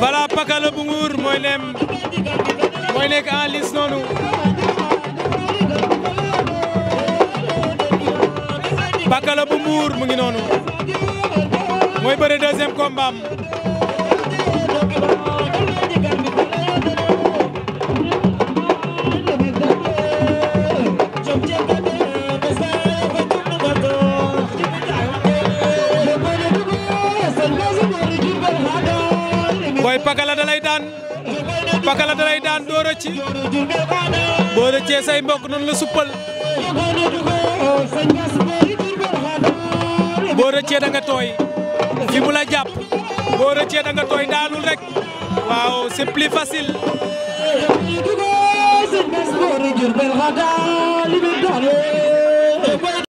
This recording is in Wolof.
voilà Pakala bu Mbour mooy neem mooy nekk en lice noonu Pakala bu Mbour mu ngi noonu mooy bëre deuxième combat Boy Pakala dalay doo rëcc boo rëccee say mbokk noonu la suppal boo rëccee da tooy fi mu la jàpp boo rëccee da tooy daanul rek waaw c'est